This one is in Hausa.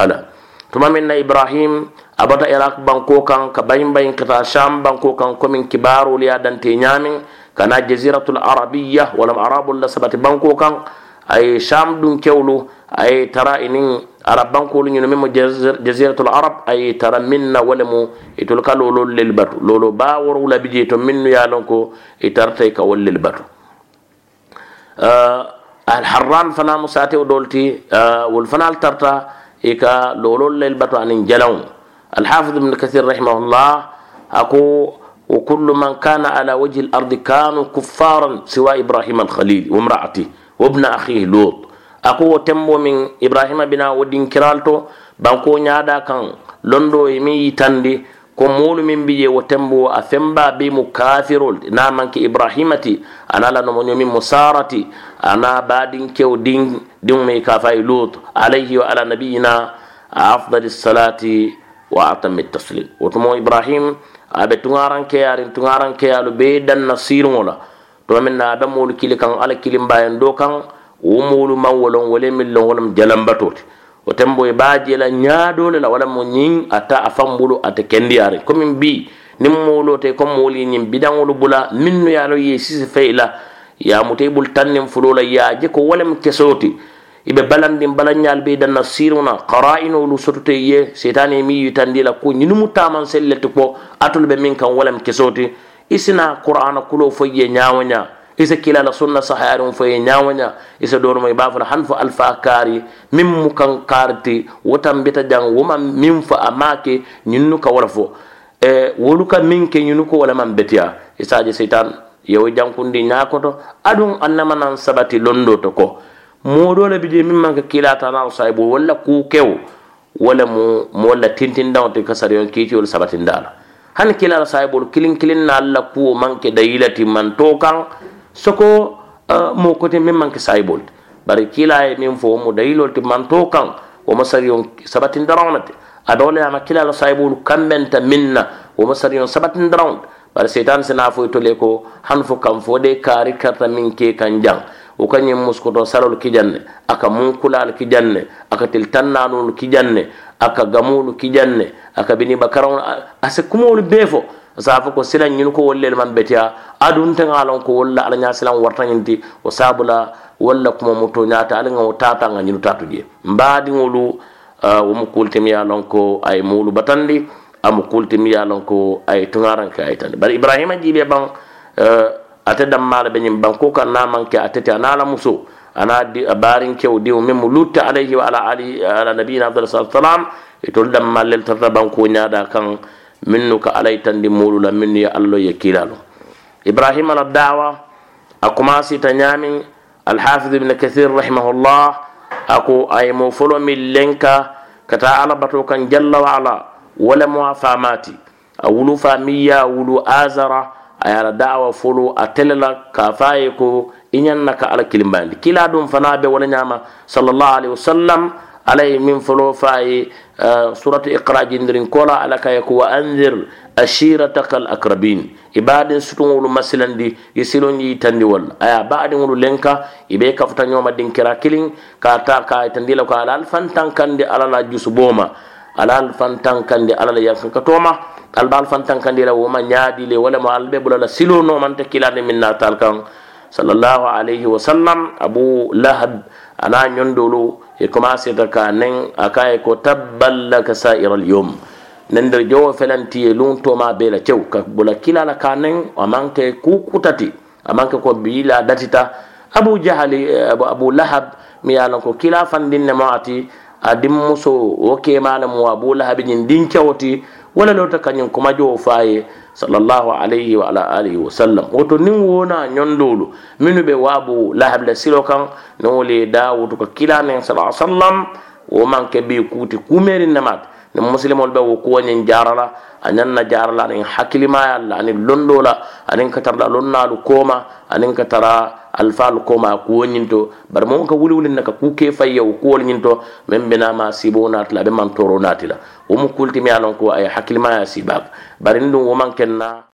hala tuma min na ibrahim abata iraq banko kan ka bayin bayin ka ta sham banko kan komin kibaru ya dante nyamin kana jaziratul arabiya walam arabul la sabati banko kan ay sham dun kewlu ay tara inin arab bankolu ñunu min mo jaziratul arab ay tara minna walemu itul kalulu lil bat lolo ba la bije to minnu ya lon ko ka ka wol lel al uh, alharran fana musate o uh, wal fana al tarta ika ka loolol lel bato jalaw al hafiz ibnu kathir rahimahullah a wa kullu man kana ala wajhi lardi kanu kuffaran siwa al khalil wa imraati wa ibn akhihi lut a tembo min ibrahima bina wadin kiralto banko nyaada kan londo ye miŋ yitandi ko moolu min mbiye wo tembuwo a femba be mo kafirol na manke ibrahima ti ana la nomo ñomin mo sara ti ana badinkew din din mi kafayi lut alayhi wa ala nabiyina afdal salati wa atami taslim wotumo ibrahim aɓe tugarankeyarin tugarankeyalu be danna sirugola tuma minna aɓe moolu kili kan ala kilimbayen do kan wo moolu manwolon wole min longolam jalambatoti o tembo e baaje la ñaadole la wala mo ñiŋ ata a fambulu ate kendiyari komin bi niŋ moolo te comme mooli ñiŋ bidaŋolu bula minnu ye a lo ye sisi fey la ye a muta i bulu fulo la ye a je ko wolem kesoo ti i be balandin balanñaalu be danna siiriŋo na sotute ye setani ye miŋ yitandi la ko ñinumu taamaŋ selle ti ko atolu be miŋ kaŋ wolem kesoo ti i sina qur'ana kuloo fo ye ñaawo ñaa isa kila la sunna sahayarin fo ye ñawoña isa doruma i b'a fana han fo alfa kaari min mu kan kaariti wotan bita jan woma min fo a maake ka e, wala fo e wolu ka min ke ñinu ko wala man betiya isaje seytan yewo jankundi ñakoto aɗum annamanan sabati londo to ko moɗo le bije min manka kilatanawo sahibo walla kukewo wala mu molla tintindaŋo ti ka sariyon kiitiyolu sabatindala hani kilala sahibolu kilin kilin na alla kuwo manke dayilati man to soko uh, mo kote min manke sayibol bari kila e min fo mo dayilol ti manto kan wo ma sari on sabatin darawna te adole ama kila la sayibol kambenta minna wo ma sari on sabatin darawn bari setan sina fo to le ko han fo kan fo de kari karta min ke kan jang o kan yin muskoto salol ki janne aka mun kulal ki janne aka til tannanul ki janne aka gamul ki janne aka bini bakaraw asa kumol befo fo zafi ko silan yin ko wallel man betiya adun tan alon ko walla ala silan warta ti o sabula walla kuma muto nyaata ala ngaw tata nga ñinu tatu je mbadi ngulu wo mu kultim ya lon ko ay mulu batandi am kultim ya lon ko ay tungaran ka ay tan bari ibrahima jibe ban ate dammala be ñim ban ko kan na manke atete anala muso ana barin kew diw min mu lutta alayhi wa ala ali ala nabiyina abdullah sallallahu alaihi wasallam itol dammallel tata ban ko nyaada kan minnu ka ala yitandi moolu la minnu ya allo ye lo ibrahima la dawa a commencita ñaami alhafidu ibne kathir rahimahullah ako aye mo folo lenka kata ala bato kan jalla wa ala wala mo a famati a wulu famiya wulu azara a yala dawa folo a telela ka ko i na ka ala kilimbandi kila dunfanabe fana be wala ñama sallallahu alayhi wa sallam ala ye min folo fa ye suratu iqra jindirin kola ala ka ye ko wa anzir ashirataka al akrabin ibadin baadin sutuŋolu masilandi i silon yi tandi wal aya wulu lenka i be kafuta ñoma dinkira kiliŋ ka ta ka tandi la ko ala alfantankandi ala la jusuboma ala alfantankandi ala la yankankatoma alba alfantankandi la woma ñaadi le walama ala bulala bula la silo nomanta kilande min natal kan. sallallahu alaihi wa sallam abu lahab ala ñondolu e commenceta ka nen akaye ko tabbala sa'ir al alyum nan da felanti e lun toma ma bela kyau. ka bula kilala ka nen amanke man amanke ko bila datita abu jahali abu lahab mi ye lon ko kila fandinne mo ma'ati a dimmuso wo kemala mu abu lahabi ñin dinkewo ti wala lota kuma kumajowo faye sallallahu alaihi wa ala alihi wa sallam woto niŋ wona na ñondoolu minnu be waabu lahabla silo kaŋ niŋ wo le daawutu ka kila neŋ wa sallam wo man ke bee kuuti kuumeeriŋ namaati ni musilimol be wo kuwoñin jarala anan na jarala anin hakkilimaya la anin londola la anin ka tara lonnalu koma anin ka tara alfalu kooma a to bari mon ka wuli wulin na ka ke fayya wo kuwol ñin to min binama sibo naati a be man toro la womu kultimi lon ko aye hakkilimaya sibaka bari n woman kenna